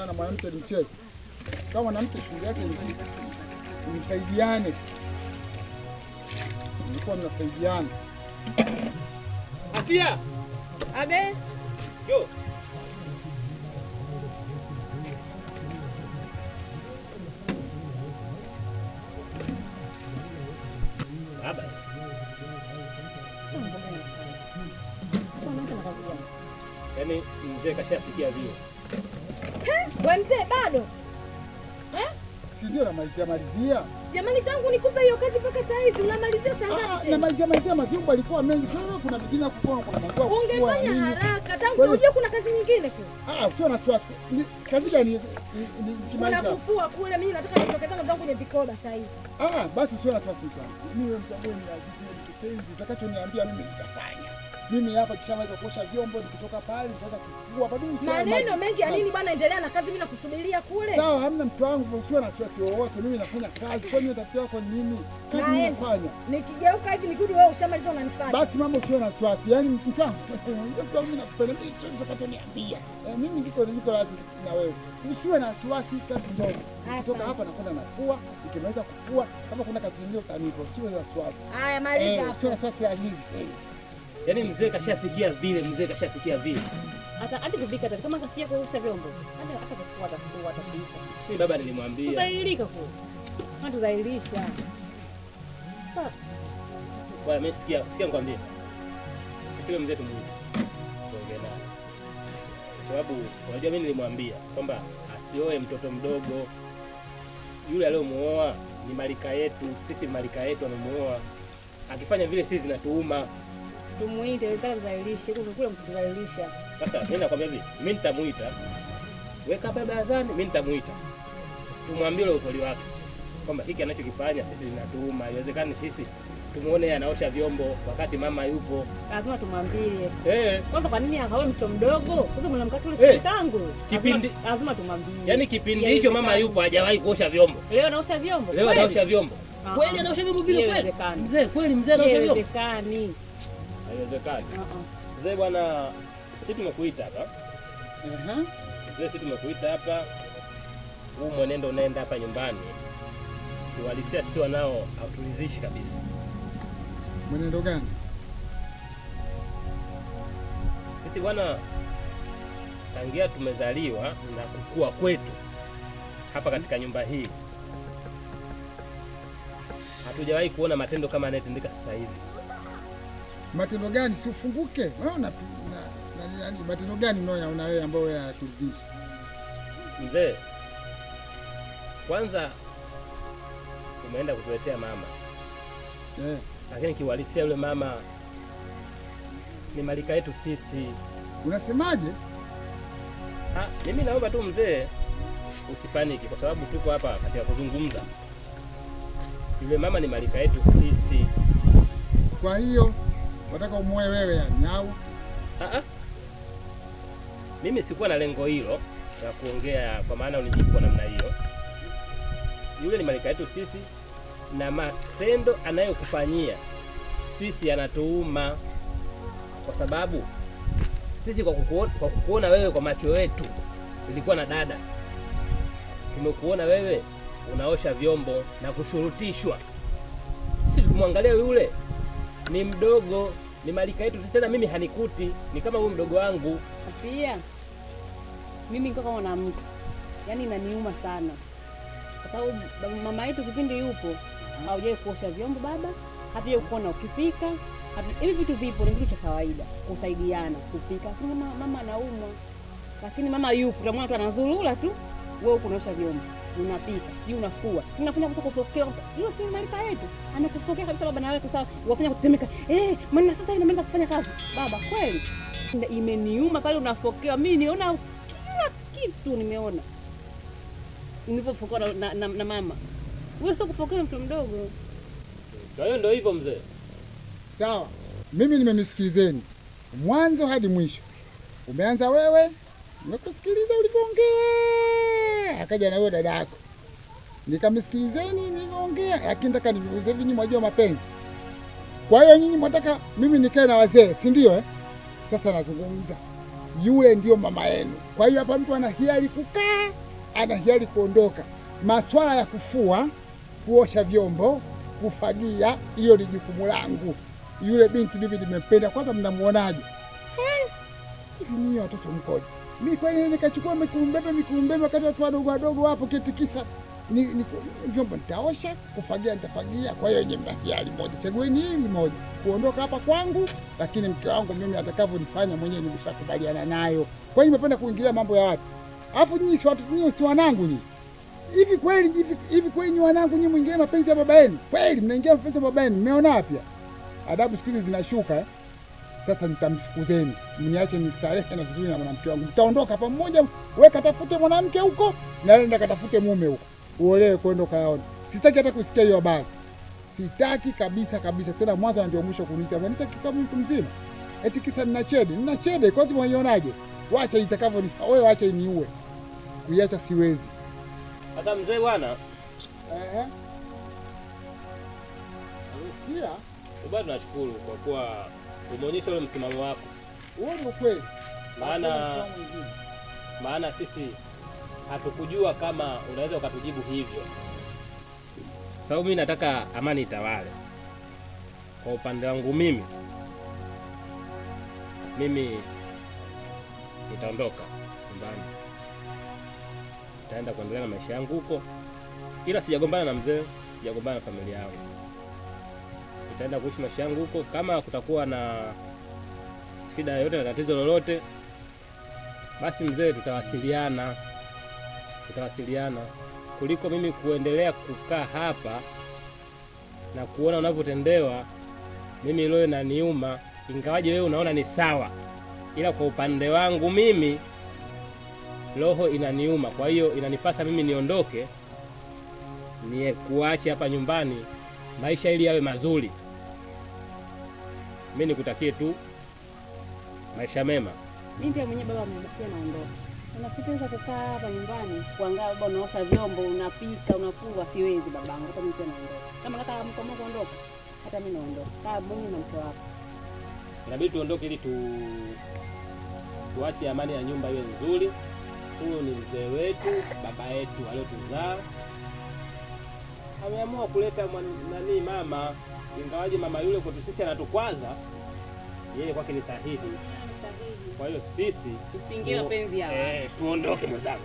sana. Mwanamke ni mchezo, kama mwanamke shughuli yake ni hii, msaidiane, mlikuwa mnasaidiana. Asia abe jo yaani mzee kashafikia vile We mzee, bado eh? sijui namalizia malizia. Jamani, tangu nikupe hiyo kazi mpaka saa hizi unamalizia saa ngapi? Ah, ah, namalizia malizia, mavyumba alikuwa mengi kuna mingine ya kupona, kuna mangua. Ungefanya haraka tangu unajua kuna kazi nyingine kwa. Ah, usio na wasiwasi. Kazi gani nikimaliza? Kuna kufua kule, mimi nataka nitoke zangu zangu kwenye vikoba saa hizi. Ah, basi usio na wasiwasi. Mimi wewe mtabweni na sisi utakachoniambia mimi nitafanya. Mimi hapa kishamaweza kuosha vyombo, nikitoka pale nitaanza kufua hapa dini. Maneno mengi ya nini bwana, endelea na kazi, mimi nakusubiria kule. Sawa, hamna mtu wangu, usiwe na wasiwasi wowote, mimi nafanya kazi. Kwa nini tatizo lako ni nini? Kazi ninafanya. Nikigeuka hivi nikudi wewe ushamaliza unanifanya. Basi mama, usiwe na wasiwasi. Yaani mtu wangu, mimi nakupenda, mimi chochote kata niambia. Eh, mimi niko niko lazi na wewe. Usiwe na wasiwasi, kazi ndogo. Kutoka hapa nakwenda nafua, nikimaliza kufua, kama kuna kazi nyingine utanipa, usiwe na wasiwasi. Haya, maliza. hapo. Eh, usiwe na wasiwasi ya hizi. Yaani mzee kashafikia vile, mzee kashafikia vile. Hata hadi kubika hata kama kafikia kwa usha vyombo. Hadi hata kufua hata kufua hata kupika. Mimi baba nilimwambia. Uzailika kwa. Hata zailisha. Sasa. Kwa mimi sikia, sikia nikwambie. Sikia mzee tumuite. Tuongee naye. Kwa sababu unajua mimi nilimwambia kwamba asioe mtoto mdogo. Yule aliyomuoa ni malika yetu, sisi malika yetu amemuoa. Akifanya vile sisi zinatuuma tumuite wetaka mzalilishe huko kule mtuzalilisha. Sasa mimi nakwambia hivi, mimi nitamuita. Weka hapa barazani, mimi nitamuita. Tumwambie ule ukweli wake. Kwamba hiki anachokifanya sisi tunatuuma, iwezekani sisi tumuone anaosha vyombo wakati mama yupo. Lazima tumwambie. Eh. Kwanza kwa nini akawe mtoto mdogo? Kwanza mwana mwanamkati ule hey. Eh. Tangu. Kipindi lazima tumwambie. Yaani kipindi hicho ya mama yupo hajawahi kuosha vyombo. Leo anaosha vyombo. Leo anaosha vyombo. Ah, kweli anaosha vyombo vile kweli? Mzee kweli mzee anaosha vyombo. Haiwezekani. Haiwezekani. Uh-uh. Mzee bwana, sisi tumekuita hapa. Mhm. Mzee, sisi tumekuita hapa. Huu mwenendo unaenda hapa nyumbani uhalisia si wanao, hautulizishi kabisa. Mwenendo gani? Sisi bwana, tangia tumezaliwa na kukua kwetu hapa katika nyumba hii hatujawahi kuona matendo kama yanayotendeka sasa hivi matendo gani si ufunguke? Unaona matendo gani unayoyaona wewe ambayo yakuridhisha? Mzee, kwanza umeenda kutuletea mama eh, lakini kiwalisia yule mama ni malika yetu sisi. Unasemaje? Ah, mimi naomba tu mzee usipaniki kwa sababu tuko hapa katika kuzungumza. Yule mama ni malika yetu sisi, kwa hiyo Wataka umoe wewe yani au? Ah ah. Mimi sikuwa na lengo hilo la kuongea kwa maana unijibu kwa namna hiyo. Yule ni malika yetu sisi na matendo anayokufanyia sisi yanatuuma kwa sababu sisi kwa kukuona, kwa kukuona wewe kwa macho yetu ilikuwa na dada, tumekuona wewe unaosha vyombo na kushurutishwa. Sisi tukimwangalia yule ni mdogo, ni malika yetu tena, mimi hanikuti, ni kama huyu mdogo wangu pia. Mimi niko kama na mtu yani, inaniuma sana kwa sababu mama yetu kipindi yupo mhm. haujai kuosha vyombo baba, hatujai kuona ukipika. Hivi vitu vipo, ni vitu cha kawaida, kusaidiana kupika. Lakini mama anaumwa, lakini mama yupo, tamwona tu anazurura tu, wewe unaosha vyombo unapika, sijui unafua, tunafanya kabisa kufokea. kwa sababu Hiyo si marika yetu, anakufokea kabisa baba, na wewe kwa wafanya kutemeka eh, maana sasa inamaliza kufanya kazi baba. Kweli imeniuma pale, unafokea. Mimi niona kila kitu, nimeona nilivyofokewa na, na, na, na mama. Wewe sio kufokea mtu mdogo. Kwa hiyo ndio hivyo mzee. Sawa, mimi nimemisikilizeni mwanzo hadi mwisho. Umeanza wewe, nimekusikiliza ulivyoongea akaja na huyo dada yako, nikamsikilizeni, niongea, lakini nataka niulize hivi, nyinyi mwajua mapenzi? Kwa hiyo nyinyi mwataka mimi nikae na wazee, si ndio eh? Sasa nazungumza, yule ndio mama yenu. Kwa hiyo hapa mtu ana hiari kukaa, ana hiari kuondoka. Maswala ya kufua, kuosha vyombo, kufagia, hiyo ni jukumu langu. Yule binti mimi nimempenda. Kwanza mnamuonaje eh, hivi nyinyi watoto mkoje? mi kweli nikachukua mikumbembe mikumbembe, wakati watu wadogo wadogo wapo kitikisa ni, ni, vyombo nitaosha, kufagia nitafagia. Kwa hiyo nye mna hiari moja, chagueni hili moja kuondoka hapa kwangu, lakini mke wangu mimi atakavyonifanya mwenyewe nimeshakubaliana nayo. Kwa hiyo nimependa kuingilia mambo ya watu, alafu nyinyi si watu, nyinyi si wanangu nyinyi. Hivi kweli hivi, hivi kweli nyinyi wanangu nyinyi, mwingilia mapenzi ya baba yenu kweli? Mnaingia mapenzi ya baba yenu, mmeona pia adabu siku hizi zinashuka eh? Sasa nitamfukuzeni, mniache nistarehe na vizuri na mwanamke wangu. Mtaondoka pamoja, we katafute mwanamke huko na nenda katafute mume huko, uolewe kwenda ukayaona. Sitaki hata kusikia hiyo habari, sitaki kabisa kabisa, tena mwanzo ndio mwisho kuniita anisaki kika mtu mzima, eti kisa nina chede. Nina chede kwanza, mwanionaje? Wacha nifa wewe, wacha iniue, kuiacha siwezi. Hata mzee bwana, ehe, sikia bado nashukuru kwa kuwa umeonyesha ule msimamo wako, huo ni ukweli. Maana maana sisi hatukujua kama unaweza ukatujibu hivyo, sababu mimi nataka amani itawale. Kwa upande wangu mimi mimi nitaondoka nyumbani, nitaenda kuendelea na maisha yangu huko, ila sijagombana na mzee, sijagombana na familia yangu nitaenda kuishi maisha yangu huko. Kama kutakuwa na shida yoyote na tatizo lolote, basi mzee, tutawasiliana tutawasiliana, kuliko mimi kuendelea kukaa hapa na kuona unavyotendewa. Mimi leo inaniuma, ingawaje wewe unaona ni sawa, ila kwa upande wangu mimi roho inaniuma. Kwa hiyo inanipasa mimi niondoke, niye kuache hapa nyumbani maisha ili yawe mazuri. Mimi nikutakie tu maisha mema. Mimi pia mwenye baba amebakia naondoka. Unasitaweza kukaa hapa nyumbani kuangaa baba unaosha vyombo, unapika, unafua, siwezi babangu, hata mimi pia naondoka. Kama nataka mkomo kuondoka, hata mimi naondoka. Kaa mimi na mke wako. Inabidi tuondoke ili tu tuache amani ya nyumba iwe nzuri. Huyu ni mzee wetu, baba yetu aliyotuzaa. Ameamua kuleta nani mama ingawaje mama yule kwetu sisi anatukwaza, yeye kwake ni sahihi. Kwa hiyo sisi tusiingie mapenzi ya eh, watu eh, tuondoke mwenzangu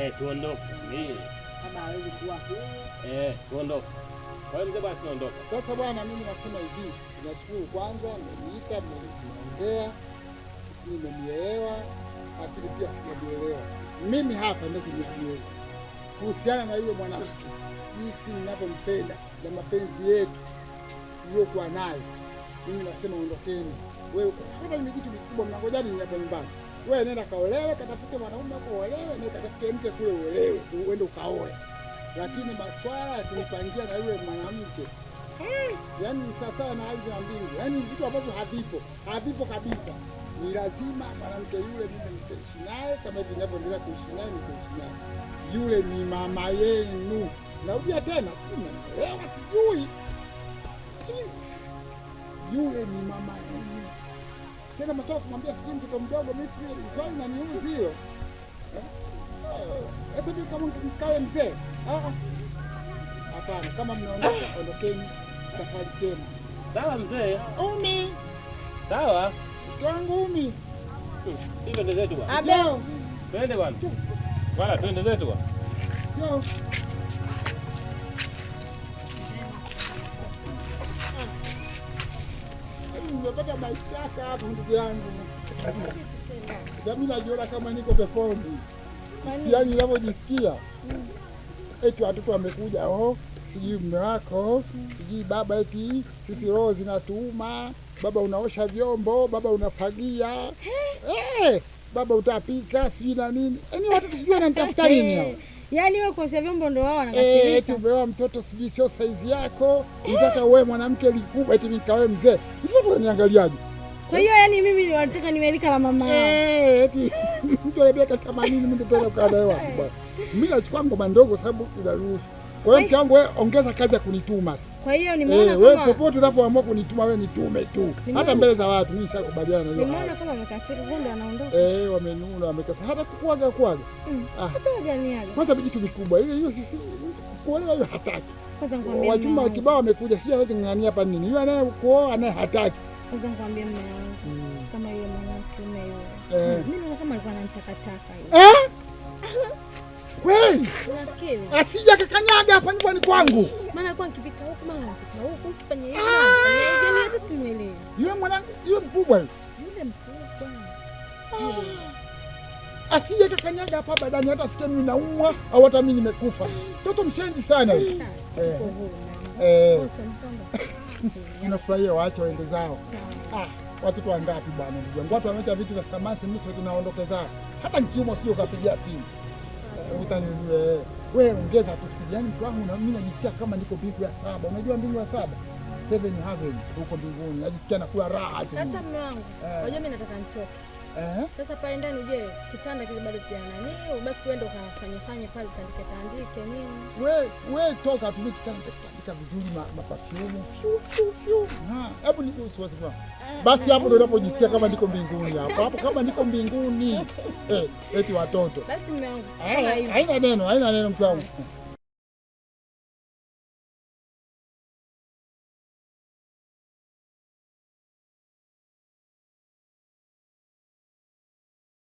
eh, tuondoke mimi kama hawezi kuwa huyo eh, tuondoke. Kwa hiyo mzee basi tunaondoka sasa. Bwana, mimi nasema hivi, nashukuru kwanza, mmeniita mmeongea, nimenielewa, lakini pia sijaelewa mimi hapa ndio kuhusiana na yule mwanamke, jinsi ninavyompenda na mapenzi yetu uliokuwa nayo. Mimi nasema ondokeni. Wewe hata ni kitu kikubwa mnangojani ni hapa nyumbani. Wewe nenda kaolewe, katafute mwanaume wako olewe, na katafute mke kule olewe, uende ukaoe. Lakini maswala ya kunipangia na yule mwanamke eh, yaani ni sawasawa na ardhi na mbingu, yaani vitu ambavyo havipo, havipo kabisa. Ni lazima mwanamke yule mimi nitaishi naye kama hivi ninavyoendelea kuishi naye, nitaishi naye. Yule ni mama yenu. Naudia tena, sijui mnaelewa, sijui yule ni mama yenu. Tena masaa kumwambia sijui mtoto mdogo, mimi sijui swali na niuzi hiyo. Eh, eh, sasa mimi kama mkae mzee, ah ah. hapana. Kama mnaondoka ondokeni, safari njema. Sawa mzee. Umi. Sawa. Mtangu Umi. Hmm, Hivyo ndio zetu bwana. Abel. Twende bwana. Wala twende zetu bwana. Ciao. nimepata mashtaka hapo, ndugu yangu. Nami najiona kama niko peponi, yaani ninavyojisikia mm. eti watoto wamekuja, oh, sijui mume wako, mm. sijui baba, eti sisi roho zinatuuma, baba unaosha vyombo, baba unafagia, hey, eh, baba utapika, sijui na nini, yaani watoto sijui wananitafuta nini hao Yaani wewe kuosha vyombo ndio wao eh, wanakasirika. Eh, eti mtoto sijui sio saizi yako. Unataka wewe mwanamke likubwa eti nikawe mzee. Mtoto unaniangaliaje? Kwa hiyo yani mimi wanataka nimelika la mama yao. Eh, eti mtu anabia kasi 80 mtoto tena naye bwana. Mimi nachukua ngoma ndogo sababu inaruhusu. Kwa hiyo mke wangu wewe ongeza kazi ya kunituma. Kwa hiyo nimeona eh, wewe popote unapoamua kunituma wewe nitume tu. Hata mbele za watu mimi sikubaliana na hiyo. Nimeona kama amekasirika kumbe anaondoka. Eh, wamenuna amekasirika. Hata kukuaga kuaga. Mm. Ah. Hata wajaniaga. Kwanza vijitu vikubwa. Hiyo hiyo si kuolewa hiyo hataki. Kwanza ngwambie. Wachuma kibao wamekuja, sio anaweza ng'ania hapa nini. Yule anaye kuoa anaye hataki. Kwanza ngwambie mume wangu. Mm. Kama yule mwanamke mume yule. Eh. Mimi naona kama alikuwa ananitakataka hiyo. Eh? kweli asija kakanyaga hapa nyumbani kwangu. Maana huko huko Yeye hata simuelewi. Yule mwanangu yule mkubwa Yule mkubwa. Ah! asija kakanyaga hapa badani, hata sikia mimi naumwa au hata mimi nimekufa. Toto mshenzi sana yule. Eh. Unafurahia, eh. waacha waende zao. Ah, Watoto wangapi bwana, ndugu yangu, watu wameacha vitu vya samasi, mimi tunaondoka zao. Hata nikiumwa sio kapigia simu utanielewe wewe, ongeza tu spidi. Yani mtu wangu, mimi najisikia kama niko mbingu ya saba. Unajua mbingu ya saba seven heaven, huko mbinguni najisikia nakula raha. Sasa mume wangu, eh. unajua mimi nataka nitoke Eh? Sasa pale ndani je, kitanda kile bado sija nani? basi wewe ndo kafanye fanye pale tandike tandike nini? Wewe wewe toka tu kitanda kitandika vizuri ma mapafyumu. Fiu fiu fiu. Ha, hebu ni usiwazi kwa. Eh. Basi hapo ndo unapojisikia kama niko mbinguni hapo. Hapo kama niko mbinguni. Eh, eti watoto. Basi mwanangu. Eh, haina neno, haina neno mtu wangu.